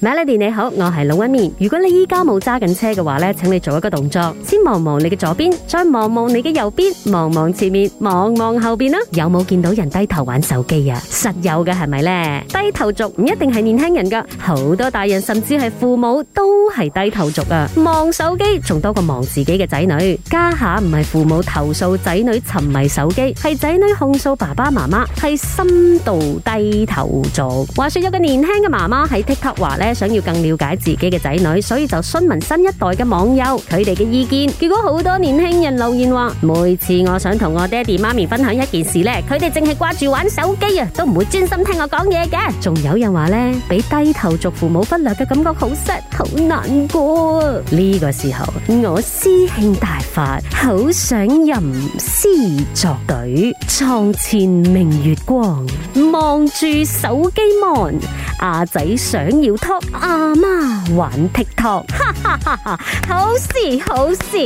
Melody 你好，我係龍紋敏。如果你依家冇揸緊車嘅話咧，請你做一個動作，先望望你嘅左邊，再望望你嘅右邊，望望前面，望望後面啦。有冇見到人低頭玩手機呀？啊。實有嘅係咪咧？低頭族唔一定係年輕人噶，好多大人甚至係父母都係低頭族啊。望手機仲多過望自己嘅仔女。家下唔係父母投訴仔女沉迷手機，係仔女控訴爸爸媽媽係深度低頭族。話說有個年輕嘅媽媽喺 TikTok 話想要更了解自己嘅仔女，所以就詢問新一代嘅網友佢哋嘅意見。結果好多年輕人留言話：每次我想同我爹哋媽咪分享一件事咧，佢哋淨係掛住玩手機啊，都唔會專心聽我講嘢嘅。仲有人話咧，俾低頭族父母忽略嘅感覺好 sad，好難過。呢個時候我詩興大發，好想吟詩作對。床前明月光，望住手機望，阿仔想要拖。阿、啊、媽玩 TikTok，哈哈哈，哈！哈，好事好事，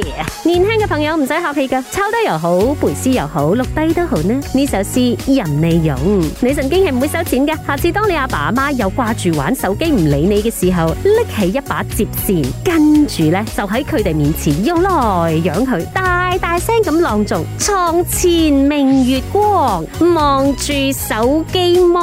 年輕嘅朋友唔使客氣㗎，抄低又好，背詩又好，錄低都好呢。呢首詩任你用，女神經係唔會收錢嘅。下次當你阿爸阿媽又掛住玩手機唔理你嘅時候，拎起一把折扇，跟住呢就喺佢哋面前用嚟養佢，大大聲咁朗誦：床前明月光，望住手機摸，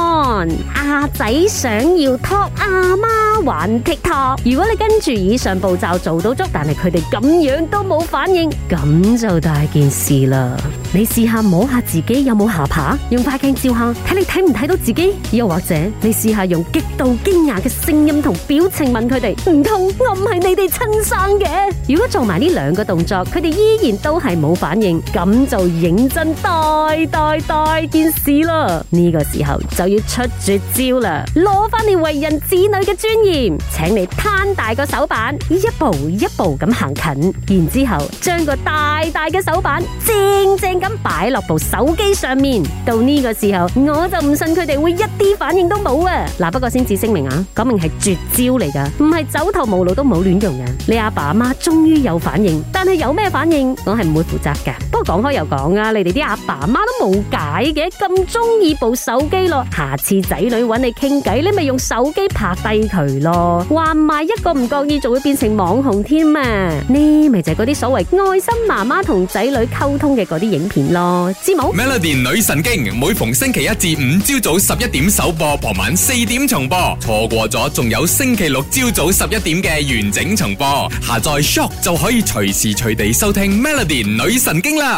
阿、啊、仔想要托阿、啊、媽。玩 TikTok，如果你跟住以上步驟做到足，但係佢哋咁樣都冇反應，咁就大件事啦。你試下摸下自己有冇下巴，用快鏡照下，睇你睇唔睇到自己？又或者你試下用極度驚訝嘅聲音同表情問佢哋，唔通，我唔係你哋親生嘅？如果做埋呢兩個動作，佢哋依然都係冇反應，咁就認真大大大件事咯。呢、這個時候就要出絕招啦，攞返你為人子女嘅尊嚴，請你攤大個手板，一步一步咁行近，然之後將個大大嘅手板正正，咁擺落部手機上面，到呢個時候我就唔信佢哋會一啲反應都冇啊！嗱，不過先至聲明啊，講明係絕招嚟噶，唔係走投無路都冇亂用嘅。你阿爸阿媽終於有反應，但係有咩反應，我係唔會負責噶。講開又講啊，你哋啲阿爸媽都冇解嘅，咁中意部手機咯。下次仔女揾你傾偈，你咪用手機拍低佢咯。話埋一個唔覺意，就會變成網紅添啊。呢咪就係嗰啲所謂愛心媽媽同仔女溝通嘅嗰啲影片咯，知冇？Melody 女神經每逢星期一至五朝早十一點首播，傍晚四點重播。錯過咗，仲有星期六朝早十一點嘅完整重播。下載 Shock 就可以隨時隨地收聽 Melody 女神經啦。